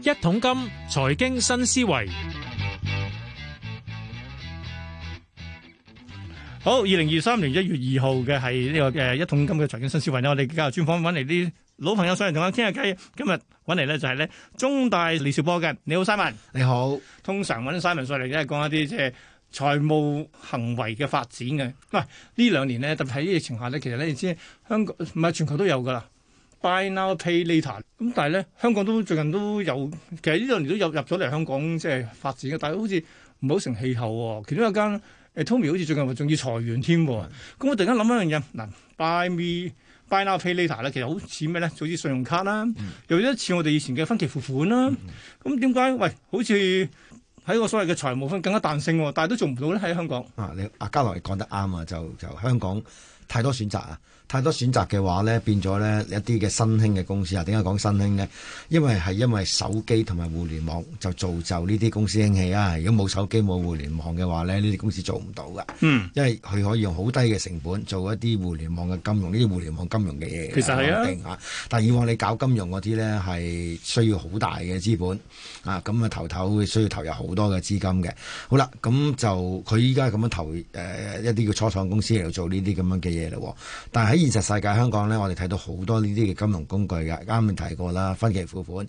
一桶金財經新思維，好，二零二三年月、這個呃、一月二號嘅係呢個誒一桶金嘅財經新思維咧，我哋今日專訪揾嚟啲老朋友上嚟同我傾下偈。今日揾嚟呢就係呢中大李兆波嘅。你好，Simon。你好，你好，通常揾 Simon 上嚟都係講一啲即係財務行為嘅發展嘅，喂、啊，呢兩年呢，特別喺疫情下呢，其實呢，你知香港唔係全球都有噶啦。Buy Now Pay Later 咁，但係咧香港都最近都有，其實呢兩年都有入咗嚟香港即係發展嘅，但係好似唔好成氣候喎。其中一間誒 Tommy 好似最近仲要裁員添喎。咁我突然間諗一樣嘢，嗱 Buy me Buy Now Pay Later 咧，其實好似咩咧？好似信用卡啦，又一似我哋以前嘅分期付款啦。咁點解？喂，好似喺個所謂嘅財務分更加彈性，但係都做唔到咧喺香港。啊，你阿嘉樂講得啱啊，就就香港太多選擇啊。太多選擇嘅話咧，變咗咧一啲嘅新興嘅公司啊。點解講新興呢？因為係因為手機同埋互聯網就造就呢啲公司興起啊。嗯、如果冇手機冇互聯網嘅話咧，呢啲公司做唔到噶。嗯，因為佢可以用好低嘅成本做一啲互聯網嘅金融，呢啲互聯網金融嘅嘢。其實係一定，但以往你搞金融嗰啲咧係需要好大嘅資本啊，咁啊頭頭會需要投入好多嘅資金嘅。好啦，咁就佢依家咁樣投誒、呃、一啲嘅初創公司嚟做呢啲咁樣嘅嘢啦。但喺現實世界香港咧，我哋睇到好多呢啲嘅金融工具㗎，啱啱提過啦，分期付款，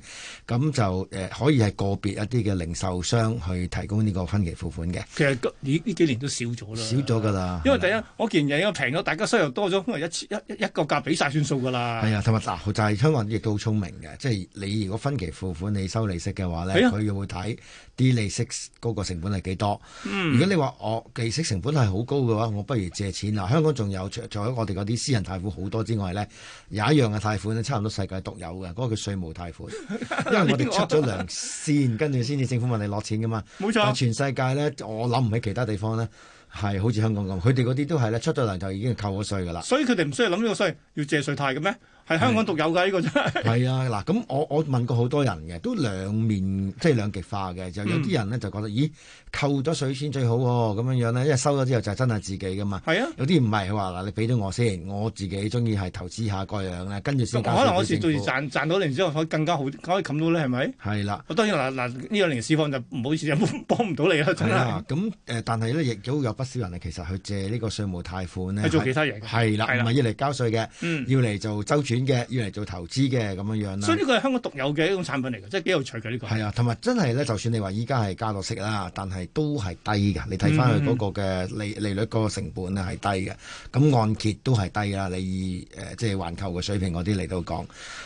咁就誒、呃、可以係個別一啲嘅零售商去提供呢個分期付款嘅。其實呢呢幾年都少咗啦，少咗㗎啦。因為第一，嗰件嘢又平咗，大家收入多咗，因為一、一、一、一、一個價俾晒算數㗎啦。係啊，同埋嗱就係香港人亦都好聰明嘅，即係你如果分期付款你收利息嘅話咧，佢又會睇。啲利息嗰個成本係幾多？嗯、如果你話我利息成本係好高嘅話，我不如借錢啦。香港仲有除咗我哋嗰啲私人貸款好多之外咧，有一樣嘅貸款咧，差唔多世界獨有嘅，嗰、嗰個叫稅務貸款，因為我哋出咗糧先，跟住先至政府問你攞錢噶嘛。冇錯。全世界咧，我諗唔起其他地方咧係好似香港咁，佢哋嗰啲都係咧出咗糧就已經係扣咗稅噶啦。所以佢哋唔需要諗呢個稅，要借稅貸嘅咩？係香港獨有㗎呢、呢個真係。係啊，嗱咁我我問過好多人嘅，都兩面即係兩極化嘅，就有啲人呢，就覺得，嗯、咦扣咗稅先最好喎，咁樣樣呢，因為收咗之後就真係自己㗎嘛。係啊，有啲唔係佢話嗱，你俾咗我先，我自己中意係投資下各樣咧，跟住先。可能我説到時賺賺到零之後可以更加好，可以冚到咧，係咪？係啦、啊。我當然嗱嗱呢兩年市況就唔好意思幫唔到你啦，咁誒、啊呃，但係呢，亦都有不少人其實去借個稅呢個稅務貸款咧。是做其他嘢。係啦、啊，唔係、啊、要嚟交稅嘅，啊啊嗯、要嚟就周轉。嘅要嚟做投資嘅咁樣樣啦，所以呢個係香港獨有嘅一種產品嚟嘅，即係幾有趣嘅。呢、呢個。係啊，同埋真係咧，就算你話依家係加到息啦，但係都係低㗎。你睇翻佢嗰個嘅利利率嗰個成本係低嘅，咁、嗯嗯、按揭都係低啦。你誒、呃、即係環球嘅水平嗰啲嚟到講，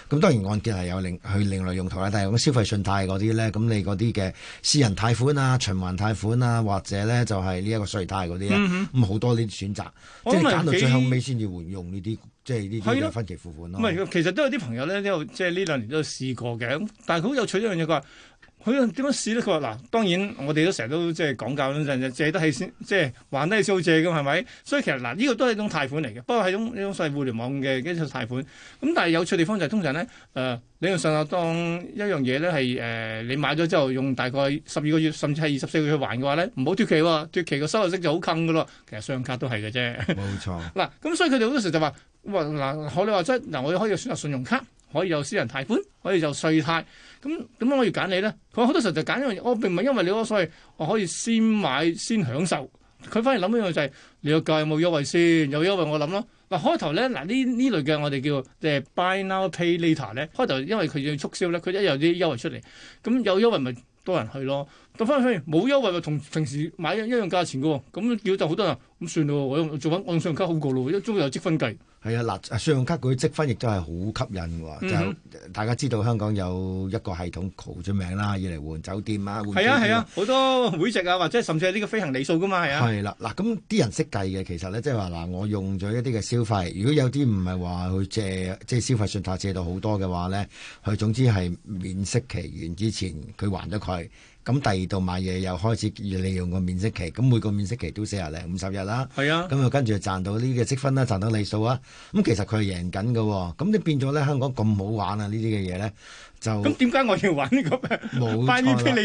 咁當然按揭係有另佢另類用途啦。但係咁消費信貸嗰啲咧，咁你嗰啲嘅私人貸款啊、循環貸款啊，或者咧就係呢一個稅貸嗰啲咧，咁好、嗯嗯、多呢啲選擇，嗯嗯即係揀到最後尾先至會用呢啲。嗯即係呢啲嘅分期付款咯。唔係，其實都有啲朋友咧，都有即係呢兩年都有試過嘅。咁但係佢好有趣一樣嘢，佢話。佢點樣試呢？佢話嗱，當然我哋都成日都即係講教嗰陣，借得起先，即係還得起數，借咁係咪？所以其實嗱，呢個都係一種貸款嚟嘅，不過係一種一種細互聯網嘅一種貸款。咁、嗯、但係有趣地方就係通常呢，誒、呃，你用信用卡當一樣嘢呢，係誒、呃，你買咗之後用大概十二個月，甚至係二十四個月去還嘅話呢，唔好脫期喎，脫期個收入率就好坑㗎咯。其實信用卡都係嘅啫。冇錯。嗱，咁、嗯、所以佢哋好多時就話：哇，嗱，可你話齋嗱，我可以選擇信用卡。可以有私人貸款，可以有稅貸，咁咁我要揀你咧。佢好多時候就揀一樣嘢，我、哦、並唔係因為你嗰所以我可以先買先享受，佢反而諗一樣就係、是、你個價有冇優惠先？有優惠我諗咯。嗱、啊、開頭咧，嗱呢呢類嘅我哋叫即係 Buy Now Pay Later 咧，開頭因為佢要促銷咧，佢一有啲優惠出嚟，咁有優惠咪多人去咯。到翻去冇優惠咪同平時買一樣價錢㗎喎，咁叫就好多人。咁算咯，我用做翻按信用卡好過咯，因中國有積分計。係啊，嗱，信用卡嗰啲積分亦都係好吸引噶，嗯、哼就大家知道香港有一個系統，call 咗名啦，要嚟換酒店啊，係啊係啊，好、啊啊、多會籍啊，或者甚至係呢個飛行里數噶嘛，係啊。係啦、啊，嗱、啊，咁啲人識計嘅，其實咧，即係話嗱，我用咗一啲嘅消費，如果有啲唔係話去借，即係消費信貸借到好多嘅話咧，佢總之係免息期完之前佢還咗佢。咁第二度買嘢又開始利用個免息期，咁每個免息期都四十零五十日啦。係啊，咁啊跟住就賺到呢啲積分啦、啊，賺到利數啊。咁其實佢係贏緊㗎，咁你變咗咧香港咁好玩啊！呢啲嘅嘢咧。咁點解我要揾呢、那個咩？冇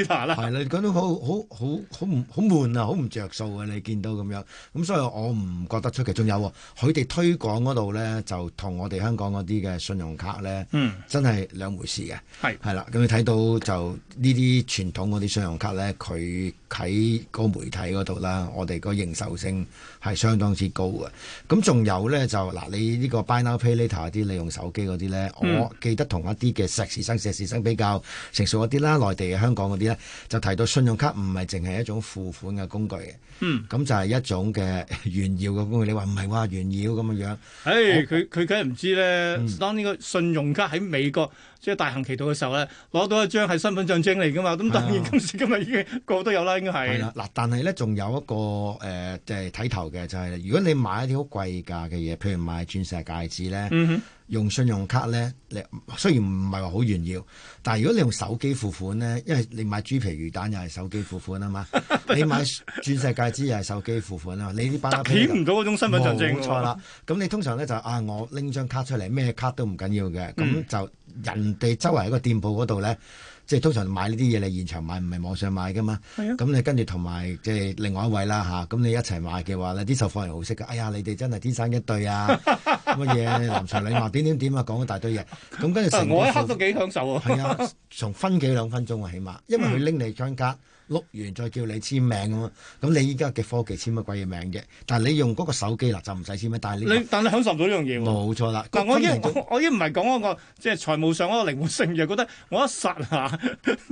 返啦，係啦，你講到好好好好唔好悶啊，好唔着數啊，你見到咁樣，咁所以我唔覺得出奇，仲有喎，佢哋推廣嗰度咧就同我哋香港嗰啲嘅信用卡咧，嗯，真係兩回事嘅，係係啦，咁你睇到就呢啲傳統嗰啲信用卡咧，佢。喺個媒體嗰度啦，我哋個認受性係相當之高嘅。咁仲有咧就嗱，你呢個 buy now pay later 啲你用手機嗰啲咧，嗯、我記得同一啲嘅碩士生、碩士生比較成熟一啲啦，內地、嘅香港嗰啲咧，就提到信用卡唔係淨係一種付款嘅工具嘅。嗯，咁就係一種嘅炫耀嘅工具。你話唔係話炫耀咁嘅樣？誒、哎，佢佢梗係唔知咧。嗯、當呢個信用卡喺美國即係大行其道嘅時候咧，攞到一張係身份象徵嚟㗎嘛。咁當然、哦、今時今日已經個個都有啦。係啦，嗱，但係咧，仲有一個誒，即係睇頭嘅，就係、是就是，如果你買一啲好貴價嘅嘢，譬如買鑽石戒指咧，嗯、哼用信用卡咧，你雖然唔係話好炫耀，但係如果你用手機付款咧，因為你買豬皮魚蛋又係手機付款啊嘛， 你買鑽石戒指又係手機付款啊嘛，你呢班人睇唔到嗰種身份象徵。冇錯啦，咁、啊、你通常咧就啊，我拎張卡出嚟，咩卡都唔緊要嘅，咁、嗯、就人哋周圍喺個店鋪嗰度咧。即係通常買呢啲嘢你現場買，唔係網上買噶嘛。咁、啊、你跟住同埋即係另外一位啦嚇，咁、啊、你一齊買嘅話咧，啲售貨員好識噶。哎呀，你哋真係天生一對啊！乜嘢郎才女貌點,點點點啊，講咗一大堆嘢。咁跟住成我一刻都幾享受啊。係 啊，從分幾兩分鐘啊，起碼因為佢拎你。張卡。碌完再叫你簽名咁，咁你依家嘅科技，簽乜鬼嘢名啫？但係你用嗰個手機嗱就唔使簽咩。但係呢樣，但係、你、享受唔到呢樣嘢喎。冇錯啦。但係我依我依唔係講嗰個即係財務上嗰個靈活性，就覺得我一剎下，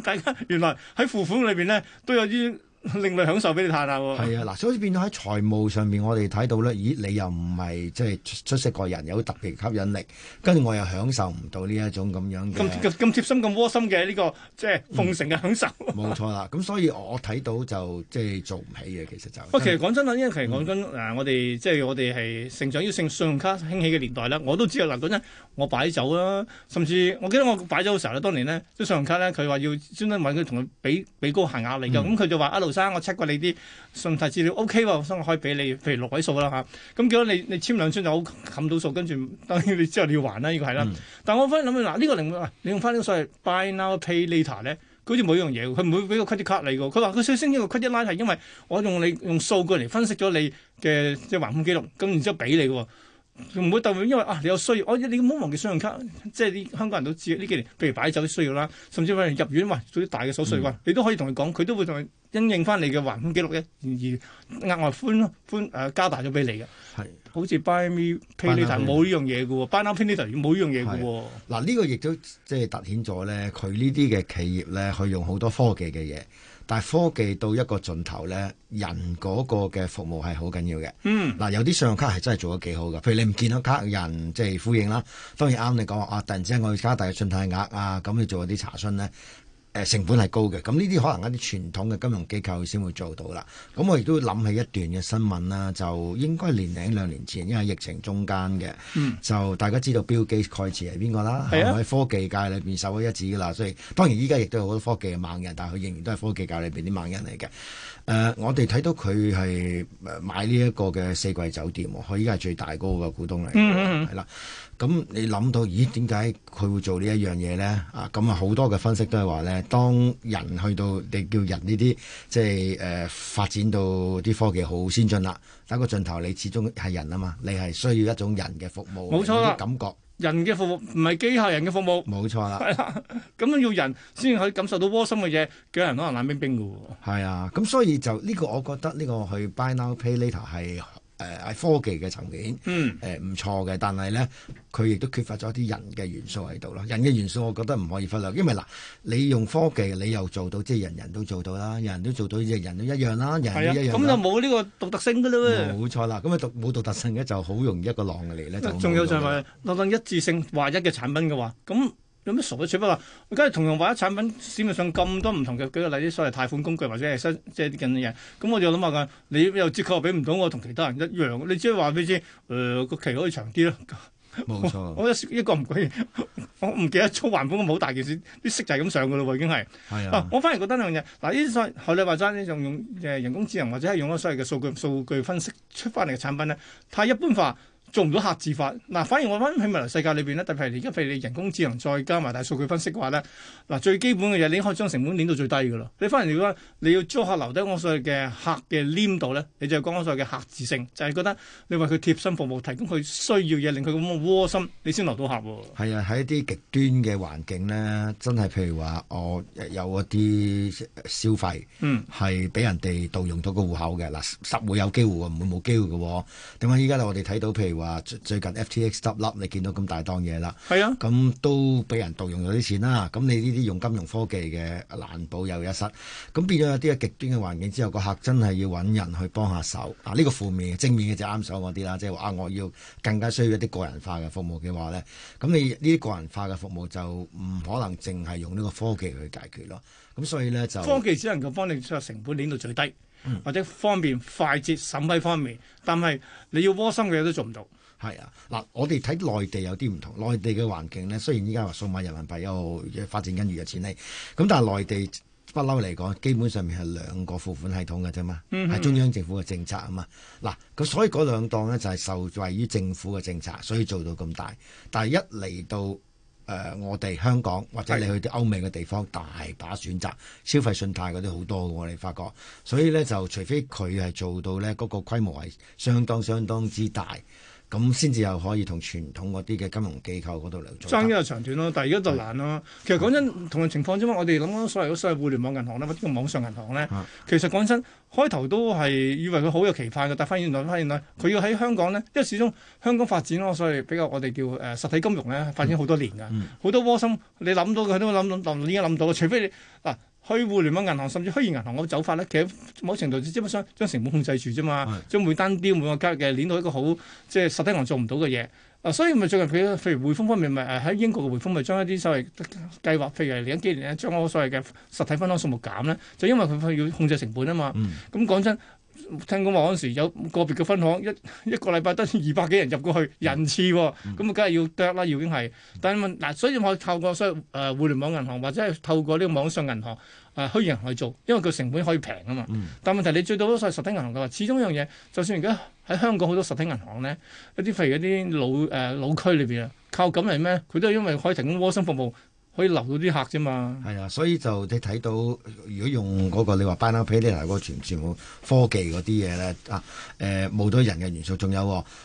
大家原來喺付款裏邊呢，都有啲。另類享受俾你嘆下喎。係啊，嗱，所以變到喺財務上面，我哋睇到咧，咦，你又唔係即係出色個人，有特別吸引力，跟住我又享受唔到呢一種咁樣嘅。咁咁貼心、咁窩心嘅呢、呢個即係奉承嘅享受。冇、嗯、錯啦，咁 所以我睇到就即係做唔起嘅，其實就是。不過其實講真啦，因為其實講緊誒，嗯、我哋即係我哋係成長於信用卡興起嘅年代咧，我都知啊。嗱，講真，我擺酒啦，甚至我記得我擺酒嘅時候呢，當年呢，啲信用卡呢，佢話要專登問佢同佢俾俾高限額嚟㗎，咁佢、嗯、就話生、啊、我 check 過你啲信貸資料 OK 喎，所以我可以俾你，譬如六位數啦嚇。咁、啊、結、嗯、果你你簽兩張就好冚到數，跟住當然你之後你要還啦，呢、這個係啦。但我忽然諗起嗱，呢、這個零、啊，你用翻啲所謂 buy now pay later 咧，好似每樣嘢，佢唔會俾個 credit card 你嘅。佢話佢最先呢個 credit card 係因為我用你用數據嚟分析咗你嘅即係還款記錄，咁然之後俾你嘅喎，唔會特別因為啊你有需要，啊、你冇忘記信用卡，即係啲香港人都知呢幾年，譬如擺酒需要啦，甚至可能入院，哇做啲大嘅手術，哇你都可以同佢講，佢都會同佢。因應翻你嘅還款記錄咧，而額外寬寬，誒、呃、加大咗俾你嘅，係的好似 Buy Me Pay Me 就冇呢樣嘢嘅喎，Buy Now Pay Later 冇呢樣嘢嘅喎。嗱，呢個亦都即係突顯咗咧，佢呢啲嘅企業咧，佢用好多科技嘅嘢，但係科技到一個盡頭咧，人嗰個嘅服務係好緊要嘅。嗯，嗱有啲信用卡係真係做得幾好嘅，譬如你唔見到卡人即係呼應啦，當然啱你講話啊，突然之間我要加大信貸額啊，咁你做一啲查詢咧。啊啊啊啊啊誒成本係高嘅，咁呢啲可能一啲傳統嘅金融機構先會做到啦。咁我亦都諗起一段嘅新聞啦，就應該年零兩年前，因為疫情中間嘅，嗯、就大家知道比爾蓋茨係邊個啦，喺、啊、科技界裏邊首屈一指噶啦。所以當然依家亦都有好多科技嘅猛人，但係佢仍然都係科技界裏邊啲猛人嚟嘅。誒、呃，我哋睇到佢係買呢一個嘅四季酒店，佢依家係最大嗰個嘅股東嚟嘅，係啦、嗯。咁、嗯、你諗到，咦？點解佢會做呢一樣嘢咧？啊、咁、嗯、啊，好多嘅分析都係話咧，當人去到你叫人呢啲，即係誒、呃、發展到啲科技好先進啦，但個盡頭，你始終係人啊嘛，你係需要一種人嘅服務，冇錯、啊。人嘅服務唔係機械人嘅服務，冇錯啦，係啦，咁樣要人先可以感受到窩心嘅嘢，機器人可能冷冰冰嘅喎。係啊，咁所以就呢個，我覺得呢個去 buy now pay later 係。誒喺、呃、科技嘅層面，誒、呃、唔錯嘅，但係呢，佢亦都缺乏咗啲人嘅元素喺度咯。人嘅元素，我覺得唔可以忽略，因為嗱、呃，你用科技，你又做到即係人人都做到啦，人人都做到即係人都一樣啦，人一樣咁、啊、就冇呢個獨特性噶啦喎。冇錯啦，咁啊冇獨特性嘅就好容易一個浪嚟咧。仲有就係嗱，等一致性話一嘅產品嘅話，咁。有咩傻得出？不過，我而家同樣賣啲產品，市面上咁多唔同嘅，舉個例，所謂貸款工具或者係即係啲咁嘅嘢，咁我就諗下你又折扣又俾唔到，我同其他人一樣。你只係話俾你知，誒、呃、個期可以長啲咯。冇錯 我，我一一個唔鬼，我唔記得操還款咁好大件事，啲息就係咁上噶咯喎，已經係、哎呀啊。我反而覺得兩樣嘢。嗱，呢啲所學你話齋，用用、呃、人工智能或者係用咗所謂嘅數據數據分析出翻嚟嘅產品咧，太一般化。做唔到客字法嗱，反而我諗喺未來世界裏邊咧，特別係而家譬如你人工智能再加埋大數據分析嘅話咧，嗱、啊、最基本嘅嘢，你可以將成本捏到最低嘅啦。你反而如果你要租客留低我所謂嘅客嘅黏度咧？你就講我所謂嘅客字性，就係、是、覺得你為佢貼身服務，提供佢需要嘢，令佢咁嘅窩心，你先留到客喎。係啊，喺、啊、一啲極端嘅環境呢，真係譬如話，我、哦、有一啲消費，嗯，係俾人哋盜用到個戶口嘅嗱，實、嗯、會有機會，唔會冇機會嘅、哦。點解依家我哋睇到譬如？話最近 FTX 執笠，你見到咁大檔嘢啦，係啊，咁都俾人盜用咗啲錢啦。咁你呢啲用金融科技嘅難保又一失，咁變咗有啲極端嘅環境之後，個客真係要揾人去幫下手。啊，呢、呢個負面正面嘅就啱手嗰啲啦，即係話我要更加需要一啲個人化嘅服務嘅話咧，咁你呢啲個人化嘅服務就唔可能淨係用呢個科技去解決咯。咁所以咧就科技只能夠幫你出將成本攆到最低，嗯、或者方便快捷審批方面。但係你要窩心嘅嘢都做唔到。係啊，嗱，我哋睇內地有啲唔同，內地嘅環境呢，雖然依家話數碼人民幣又發展緊越來越前呢，咁但係內地不嬲嚟講，基本上面係兩個付款系統嘅啫嘛，係、嗯、哼中央政府嘅政策啊嘛。嗱，咁所以嗰兩檔咧就係、是、受惠於政府嘅政策，所以做到咁大。但係一嚟到，誒、呃，我哋香港或者你去啲歐美嘅地方，是大把選擇消費信貸嗰啲好多嘅喎，我哋發覺，所以咧就除非佢係做到咧嗰個規模係相當相當之大，咁先至又可以同傳統嗰啲嘅金融機構嗰度嚟做，爭一個長短咯。但係而家就難啦。嗯、其實講真，同樣情況啫嘛。我哋諗緊所謂所謂互聯網銀行啦，或者網上銀行咧，嗯、其實講真，開頭都係以為佢好有期盼嘅，但係發現來發現來，佢要喺香港呢，嗯、因為始終香港發展咯，所以比較我哋叫誒實體金融咧，發展好多年㗎。好、嗯嗯、多窩心你諗到佢都諗諗，依家諗到除非你嗱。啊去互聯網銀行甚至虛擬銀行嗰個走法咧，其實某程度即係基本上將成本控制住啫嘛，將是每單啲每個價嘅攣到一個好即係實體銀行做唔到嘅嘢。啊、呃，所以咪最近譬如匯豐方面咪喺、呃、英國嘅匯豐咪將一啲所謂、呃、計劃譬如嚟緊幾年咧，將我所謂嘅實體分行數目減咧，就因為佢要控制成本啊嘛。咁講真。嗯聽講話嗰時有個別嘅分行一一個禮拜得二百幾人入過去人次，哦，咁啊、嗯，梗係、嗯、要剁啦，已經係，但係嗱，所以我透過所以誒互聯網銀行或者係透過呢個網上銀行誒虛擬銀行去做，因為佢成本可以平啊嘛。嗯、但問題你最多都係實體銀行嘅話，始終一樣嘢，就算而家喺香港好多實體銀行咧，一啲譬如一啲老誒、呃、老區裏邊啊，靠咁係咩，佢都係因為可以提供窩心服務。可以留到啲客啫嘛，係啊，所以就你睇到，如果用嗰、那個你話 Buy Now Pay Later 呢個全全部科技嗰啲嘢咧啊，誒冇咗人嘅元素，仲有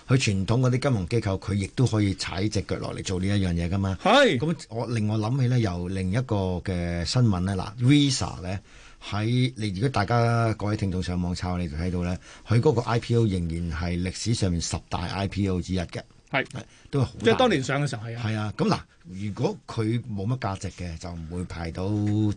佢傳統嗰啲金融機構，佢亦都可以踩隻腳落嚟做呢一樣嘢噶嘛。係是，咁我令我諗起咧，由另一個嘅新聞咧，嗱 Visa 咧喺你如果大家各位聽眾上網抄你就睇到咧，佢嗰個 IPO 仍然係歷史上面十大 IPO 之一嘅。係，是都係好即係當年上嘅時候係啊，係、嗯、啊，咁嗱，如果佢冇乜價值嘅，就唔會排到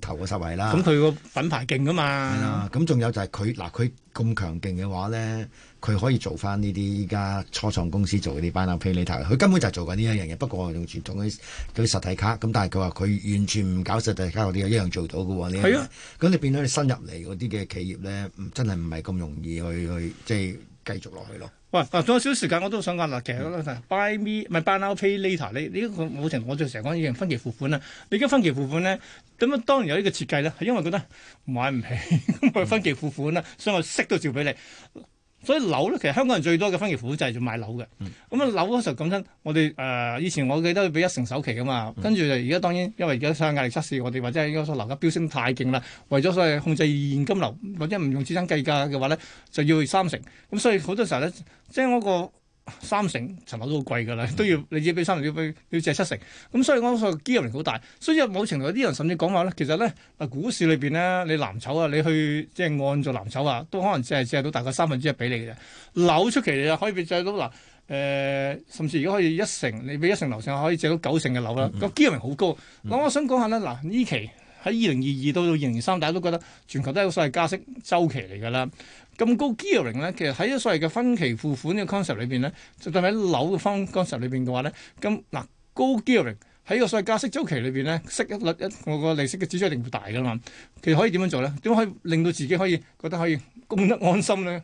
頭個十位啦。咁佢個品牌勁啊嘛，係啦、啊。咁、嗯、仲、嗯、有就係佢嗱，佢咁強勁嘅話咧，佢可以做翻呢啲依家初創公司做嗰啲 Buy Now Pay Later，佢根本就係做緊呢一樣嘢。不過用傳統啲啲實體卡，咁但係佢話佢完全唔搞實體卡，我哋一樣做到噶喎。係、這個、啊，咁你變咗你新入嚟嗰啲嘅企業咧，真係唔係咁容易去去即係。繼續落去咯。喂，仲有少時間，我都想講啦。其實嗱、嗯、，buy me 唔係 buy now pay later 呢、這個？呢個我以前我最成日講已經分期付款啦。你而家分期付款咧，咁樣當然有呢個設計啦，係因為覺得買唔起，咁 咪分期付款啦，所以我息都照俾你。所以樓咧，其實香港人最多嘅分期付款就係做買樓嘅。咁啊、嗯，樓嗰時候講真，我哋誒、呃、以前我記得俾一成首期噶嘛，跟住就而家當然，因為而家上有壓力測試，我哋或者係應該所樓價飆升太勁啦，為咗所謂控制現金流或者唔用資產計價嘅話咧，就要三成。咁所以好多時候咧，即係嗰個。三成，層樓都好貴㗎啦，都要你自己俾三成，要要借七成，咁所以我個 gearing 好大。所以有某程度有啲人甚至講話咧，其實咧，誒股市裏邊咧，你藍籌啊，你去即係按做藍籌啊，都可能借借到大概三分之一俾你嘅啫。樓出奇啊，可以借到嗱誒、呃，甚至如果可以一成，你俾一成樓上可以借到九成嘅樓啦。個 gearing 好高。咁、mm hmm. 我想講下咧，嗱呢期喺二零二二到到二零二三，大家都覺得全球都係一個所謂加息周期嚟㗎啦。咁高 gearing 咧，其實喺一所謂嘅分期付款嘅 concept 裏邊咧，就對喺樓嘅方 concept 裏邊嘅話咧，咁嗱高 gearing 喺一個所謂加息周期裏邊咧，息一率一我個利息嘅指數一定會大㗎嘛。其實可以點樣做咧？點可以令到自己可以覺得可以供得安心咧？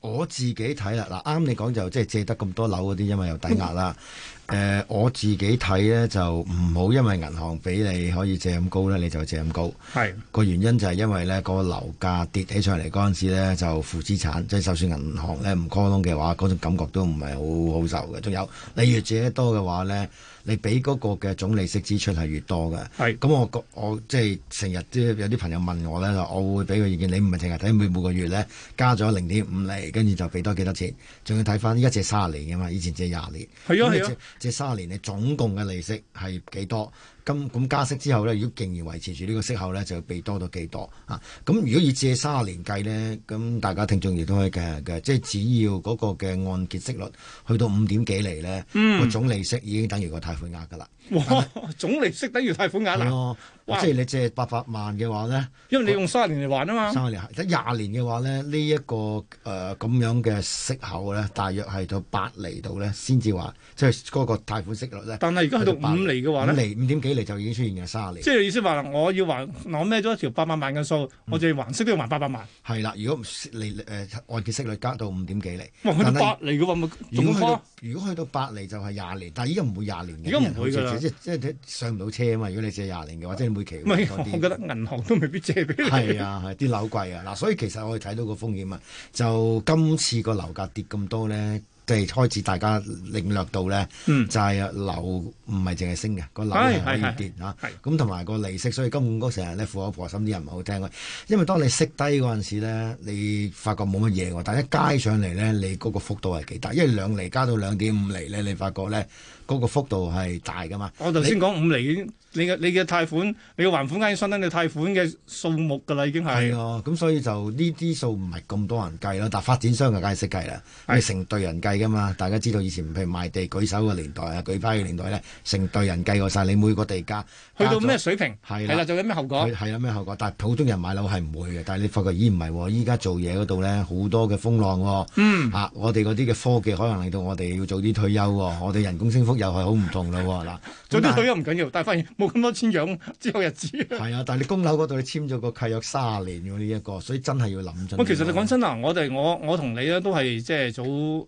我自己睇啦，嗱啱你講就即係借得咁多樓嗰啲，因為有抵押啦。 誒、呃、我自己睇咧，就唔好因為銀行俾你可以借咁高咧，你就借咁高，係個是的 原因就係因為咧、個樓價跌起上嚟嗰陣時咧，就負資產，即係就算銀行咧唔 call loan 嘅話，嗰種感覺都唔係好好受嘅。仲有你越借得多嘅話咧，你俾嗰個嘅總利息支出係越多嘅。係咁是的 我我即係成日即係有啲朋友問我咧，我會俾個意見，你唔係淨係睇每每個月咧加咗零點五厘，跟住就俾多幾多錢，仲要睇翻依家借卅年嘅嘛，以前借廿年係即係三年你總共嘅利息係幾多？咁咁加息之後咧，如果竟然維持住呢個息口咧，就俾多咗幾多啊？咁如果以借三十年計咧，咁大家聽眾亦都可以計下嘅，即係只要嗰個嘅按揭息率去到五點幾厘咧，個、嗯、總利息已經等於個貸款額噶啦。哇！但總利息等於貸款額嗱，啊、哇即係你借八百萬嘅話咧，因為你用三十年嚟還啊嘛，卅年得廿年嘅話咧，呢、這、一個誒咁、呃、樣嘅息口咧，大約係到八厘度咧，先至話即係嗰個貸款息率咧。但係如果去到五厘嘅話咧，五釐五就已經出現嘅，卅即係意思話，我要還我孭咗一條八百萬嘅數，嗯、我就要還息都要還八百萬。係啦，如果唔利誒按揭息率加到五點幾釐，哇但，去到八釐嘅話咪仲高啊！是如果去到八釐多就係廿年，但係依家唔會廿年嘅人去㗎啦，即係即上唔到車啊嘛！如果你借廿年嘅話，即係每期我覺得銀行都未必借俾你。係啊， 係啲樓貴啊，嗱，所以其實我哋睇到個風險啊，就今次個樓價跌咁多咧。即係開始，大家領略到咧，就係、嗯、樓唔係淨係升嘅，個樓係可以跌嚇。咁同埋個利息，所以金管局成日咧，苦口婆心，啲人唔好聽佢。因為當你息低嗰陣時咧，你發覺冇乜嘢喎，但一加上嚟咧，你嗰個幅度係幾大，因為兩厘加到兩點五厘咧，你發覺咧，嗰、嗰個幅度係大噶嘛。我頭先講五釐。你嘅你嘅貸款，你嘅還款梗要相等你貸款嘅數目㗎啦，已經係。係啊，咁所以就呢啲數唔係咁多人計咯。但發展商就梗係識計啦，係的成隊人計㗎嘛。大家知道以前譬如賣地舉手嘅年代啊，舉牌嘅年代咧，成隊人計過晒。你每個地價去到咩水平？係係啦，做緊咩後果？係啦咩後果？但係普通人買樓係唔會嘅。但係你發覺咦唔係喎，依家做嘢嗰度咧好多嘅風浪喎、哦。嗯。嚇、啊！我哋嗰啲嘅科技可能令到我哋要早啲退休喎、哦。我哋人工升幅又係好唔同咯、哦。嗱，早啲 退休唔緊要，但係發現咁多錢養之後日子係啊！但係你供樓嗰度，你簽咗個契約三十年嘅呢一個，所以真係要諗真。其實你講真啊，我哋我我同你咧都係即係早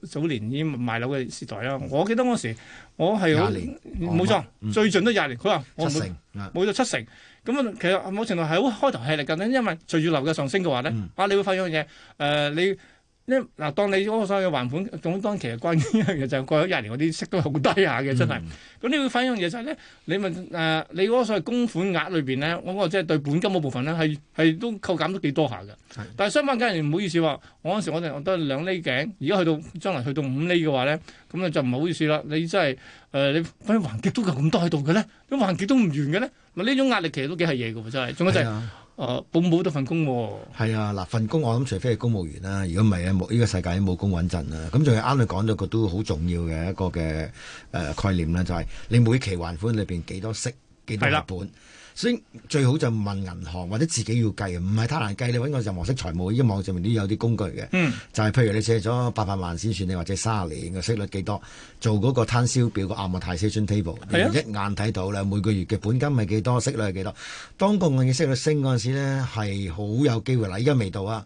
早年已經賣樓嘅時代啦。我記得嗰時我係冇年錯，嗯、最盡都廿年。佢話我冇成到七成，咁啊、嗯，其實某程度係好開頭吃力嘅咧，因為隨著樓嘅上升嘅話咧，嗯、啊，你會發現嘢誒、呃、你。你嗱，當你嗰個所謂還款總當其嘅關鍵日就是、過咗一年，我啲息都係好低下嘅，真係。咁你要反映一樣嘢就係、是、咧，你問誒、呃，你嗰個所謂供款額裏邊咧，我嗰個即係對本金嗰部分咧，係係都扣減都幾多下嘅。的但係相反，假如唔好意思話，我嗰陣時我哋得兩厘頸，如果去到將來去到五厘嘅話咧，咁咧就唔好意思啦。你真係誒，你反正還極都夠咁多喺度嘅咧，咁還極都唔完嘅咧，呢種壓力其實都幾係嘢嘅喎，真、就、係、是。仲有係、就是。誒，保姆都份工喎。係啊，嗱、啊、份工我諗，除非係公務員啦、啊。如果唔係咧，冇、這、呢個世界冇工穩陣啊。咁仲要啱你講到個都好重要嘅一個嘅誒、呃、概念咧、啊，就係、是、你每期還款裏邊幾多息，幾多本。所以最好就問銀行或者自己要計啊，唔係太難計。你揾個任何式財務，依家網上面都有啲工具嘅。嗯，就係譬如你借咗八百萬先算你，你或者卅年嘅息率幾多？做嗰個攤銷表個 amortisation table 你一眼睇到啦。每個月嘅本金咪幾多，息率係幾多？當個按揭嘅息率升嗰陣時咧，係好有機會啦。依家未到啊，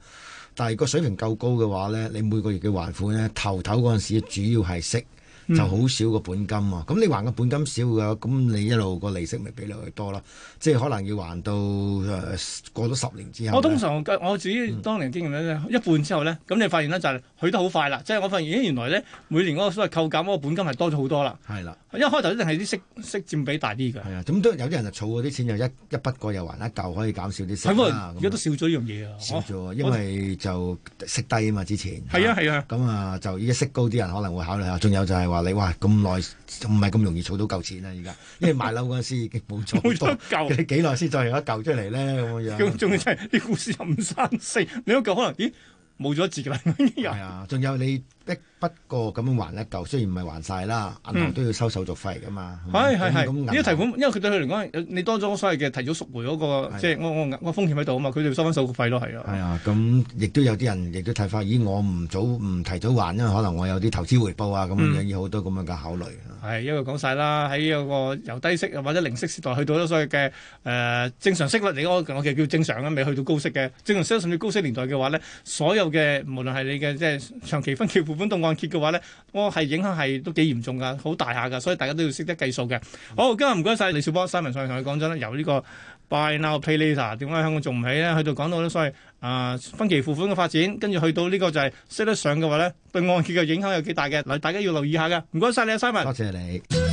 但係個水平夠高嘅話呢，你每個月嘅還款呢，頭頭嗰陣時主要係息。就好少個本金喎，咁你還個本金少嘅，咁你一路個利息咪俾你去多啦，即係可能要還到誒過咗十年之後。我通常我自己當年經驗呢，一半之後呢，咁你發現呢，就係去得好快啦，即係我發現原來呢，每年嗰個所謂扣減嗰個本金係多咗好多啦。係啦，一開頭一定係啲息息佔比大啲嘅。係啊，咁都有啲人就儲嗰啲錢就一一筆過又還一嚿，可以減少啲息啦。而家都少咗一樣嘢啊！少咗，因為就息低啊嘛，之前。係啊係啊。咁啊，就而家息高啲人可能會考慮下，仲有就係。話你話咁耐唔係咁容易儲到嚿錢啦。而家因為買樓嗰陣時已經冇儲到你幾耐先再用一嚿出嚟咧？咁樣仲要真係啲股市又唔生性，你嗰嚿可能咦，冇咗自力更生。係啊，仲有你。不過咁樣還一嚿，雖然唔係還晒啦，銀行都要收手續費㗎嘛。係係係，呢個提款，因為佢對佢嚟講，你當咗所謂嘅提早贖回嗰、那個，即係的我的我我，我風險喺度啊嘛，佢就收翻手續費咯，係啊。係啊的，咁亦都有啲人亦都睇法，咦的？我唔早唔提早還，因為可能我有啲投資回報啊，咁樣以好多咁樣嘅考慮。係因為講晒啦，喺嗰個由低息或者零息時代去到咗所謂嘅誒正常息率嚟講嘅叫正常啦，未去到高息嘅正常息甚至高息年代嘅話呢，所有嘅無論係你嘅即係長期分期款動按揭嘅話咧，我係影響係都幾嚴重噶，好大下噶，所以大家都要識得計數嘅。好，今日唔該晒李小波、s i m 三文，再同你講咗啦。由呢、這個 buy now pay later 點解香港做唔起咧？去到講到咧，所以啊、呃、分期付款嘅發展，跟住去到呢個就係識得上嘅話咧，對按揭嘅影響有幾大嘅，嚟大家要留意下嘅。唔該晒你啊，o n 多謝你。Simon 謝謝你。